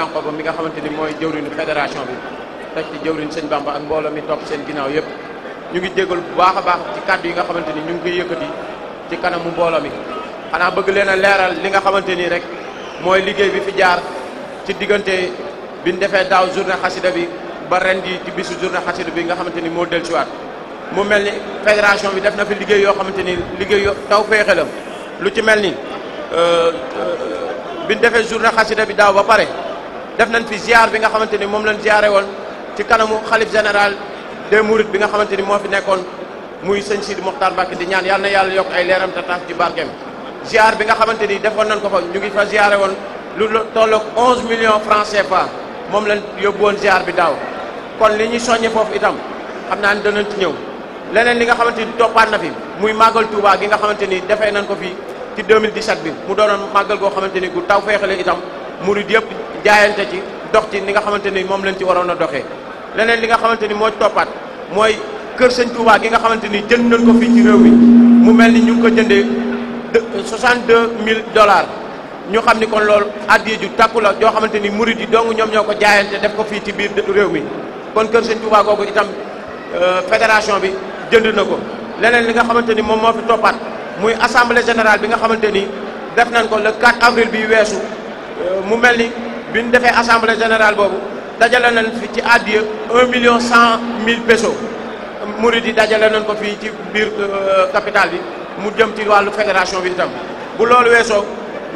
Yankoba mi nga xamante ni mooy jëwriñu fédération bi teg ci jëwriñ sëñ Bamba ak mbooloo mi topp seen ginnaaw yëpp ñu ngi jégal bu baax a baax ci kàddu yi nga xamante ni ñu ngi koy yëkkati ci kanamu mbooloo mi xanaa bëgg leen a leeral li nga xamante ni rek mooy liggéey bi fi jaar ci diggante bi ñu defee daaw journée xasida bi ba ren ji ci bisu journée xasida bi nga xamante ni moo dellusiwaat mu mel ni fédération bi def na fi liggéey yoo xamante ni liggéey yo taw féexe la lu ci mel ni euh, euh, bi ñu defee journée def nañ fi ziar bi nga xamante ni moom lañ ziare woon ci kanamu xalif général des mourides bi nga xamante ni moo fi nekkoon muy sëñ Sidi Mokhtar Mbacke di ñaan yal na yàlla yokk ay leeram te taas barkeem ziar bi nga xamante ni defoon nañ ko fa ñu ngi fa ziare woon lu tolloog 11 millions francs CFA moom lañ yóbbu woon bi daaw kon li ñuy soññe foofu itam xam naa ne danañ ci ñëw leneen li nga xamante ni toppaat na fi muy màggal Touba gi nga xamante ni defee nañ ko fi ci 2017 bi mu doonoon màggal goo xamante ni gu taw jaayante ci dox ci ni nga xamante ni moom lañ ci waroon a doxee leneen li nga xamante ni moo toppaat mooy kër sëñ Touba gi nga xamante ni jënd nañ ko fii ci réew mi mu mel ni ñu ngi ko jëndee euh, soixante-deux mille dollars ñu xam ni kon lool addiya ju takku la yoo xamante ni murid yi dong ñoom ñoo ko jaayante def ko fii ci biir réew mi kon kër sëñ Touba googu itam euh, fédération bi jënd na ko leneen li nga xamante ni moom moo fi toppaat muy assemblée générale bi nga xamante ni def nañ ko le 4 avril bi weesu euh, bi ñu defee assemblée boobu dajale nañ fi ci àddiya un million cent mille pesos murid di dajale nañ ko fii ci biir euh, capital bi mu jëm ci wàllu fédération bi itam bu loolu weesoo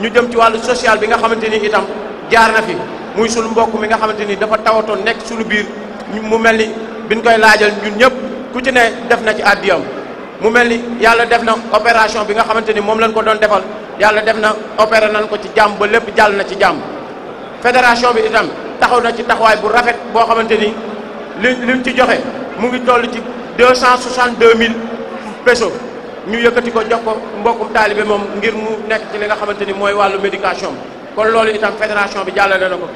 ñu jëm ci wàllu social bi nga xamante ni itam jaar na fi muy sunu mbokk mi nga xamante ni dafa tawatoon nekk sunu biir mu mel ni biñ koy laajal ñun ñëpp ku ci ne def na ci àddiyam mu mel ni yàlla def na opération bi nga xamante ni moom lañ ko doon defal yàlla def na opéré nañ ko ci jàmm ba lépp jàll na ci jàmm fédération bi itam taxaw na ci taxawaay bu rafet boo xamante ni li li mu ci joxe mu ngi toll ci deux cent soixante deux mille pesos ñu yëkkati ko jox ko mbokkum taalibe moom ngir mu nekk ci li nga xamante ni mooy wàllu médication kon loolu itam fédération bi jàllale na ko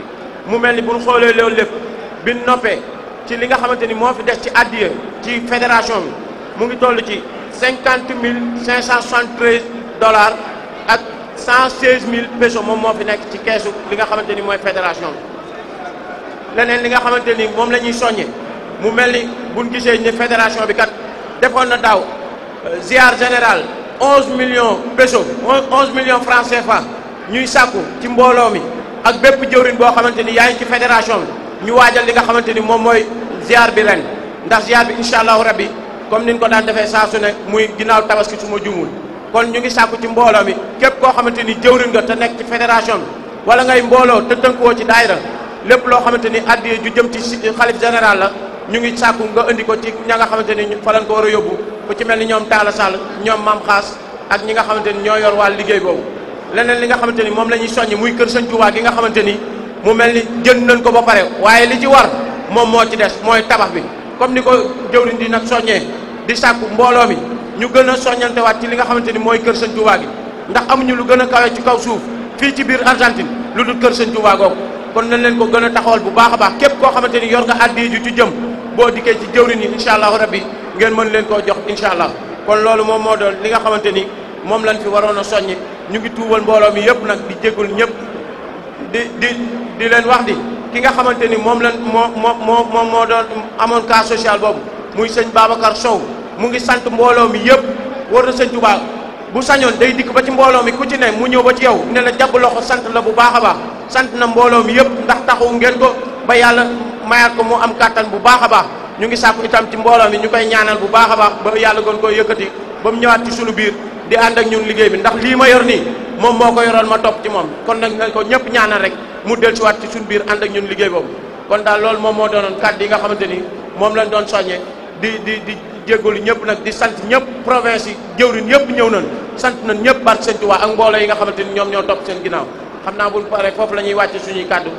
mu mel ni bu ñu xoolee loolu lépp noppee ci li nga xamante ni moo fi des ci addiya ci fédération bi mu ngi toll ci cinquante mille cinq cent soixante treize dollars cent seize mille pesos moom moo fi ci keesu li nga xamante ni mooy fédération bi leneen li nga xamante ni moom la ñuy soññe mu mel ni buñ gisee ne fédération bi kat defoon na daaw euh, ziar général onze millions pesos onze millions francs CFA ñuy saku ci mbooloo mi ak bépp jëwrin boo xamante ni yaa ngi ci fédération bi ñu waajal li nga xamante ni moom mooy ziar bi ren ndax ziar bi incha allahu rabbi comme niñ ko daan defee saa su ne muy ginnaaw tabaski su ma jumul kon ñu ngi sàkku ci mbooloo mi képp koo xamante ni jëwriñ nga te nekk ci fédération bi wala ngay mbooloo te tënkuwoo ci daayira lépp loo xamante ni addiye ju jëm ci xalif général la ñu ngi sàkku nga indi ko ci ña nga xamante ni fa lañ ko war a yóbbu ku ci mel ni ñoom Talla Sall ñoom Maam Xaas ak ñi nga xamante ni ñoo yor wàll liggéey boobu leneen li nga xamante ni moom la ñuy soññ muy kër sëñ Tuubaa gi nga xamante ni mu mel ni jënd nañ ko ba pare waaye li ci war moom moo ci des mooy tabax bi comme ni ko jëwriñ di nag soññee di sàkku mbooloo mi ñu gën a soññantewaat ci li nga xamante ni mooy kër sëñ Touba gi ndax amuñu lu gën a kawe ci kaw suuf fii ci biir Argentine lu du kër sëñ Touba googu kon nañ leen ko gën a taxawal bu baax a baax képp koo xamante ni yor nga addi ju ci jëm boo dikkee ci jëwriñ yi incha allahu rabbi ngeen mën leen ko jox incha allah kon loolu moom moo doon li nga xamante ni moom lañ fi waroon a soññi ñu ngi tuubal mbooloo mi yëpp nag di jégul ñëpp di di di leen wax di ki nga xamante ni moom lañ moo moo moo moo moo doon amoon cas social boobu muy sëñ Babacar Sow mu ngi sant mbooloo mi yëpp war na sëñ Tuubaa bu sañoon day dikk ba ci mbooloo mi ku ci ne mu ñëw ba ci yow ne la jàpp loxo sant la bu baax a baax sant na mbooloo mi yëpp ndax taxu ngeen ko ba yàlla mayaat ko mu am kàttan bu baax a baax ñu ngi sàkku itam ci mbooloo mi ñu koy ñaanal bu baax a baax ba yàlla gën koo yëkkati ba mu ñëwaat ci sunu biir di ànd ak ñun liggéey bi ndax lii ma yor nii moom moo ko yoroon ma topp ci moom kon nag nga ko ñëpp ñaanal rek mu dellusiwaat ci biir ànd ak liggéey boobu kon daal loolu moom moo doonoon kàddu yi nga xamante ni moom lañ doon soññee di di di jéggalu ñëpp nag di sant ñëpp province yi jëwrin yëpp ñëw nañu sant nañ ñëpp barke Sëñ Tuubaa ak mbooloo yi nga xamante ni ñoom ñoo topp seen ginnaaw xam naa bu ñu paree foofu la ñuy wàcc suñuy kàddu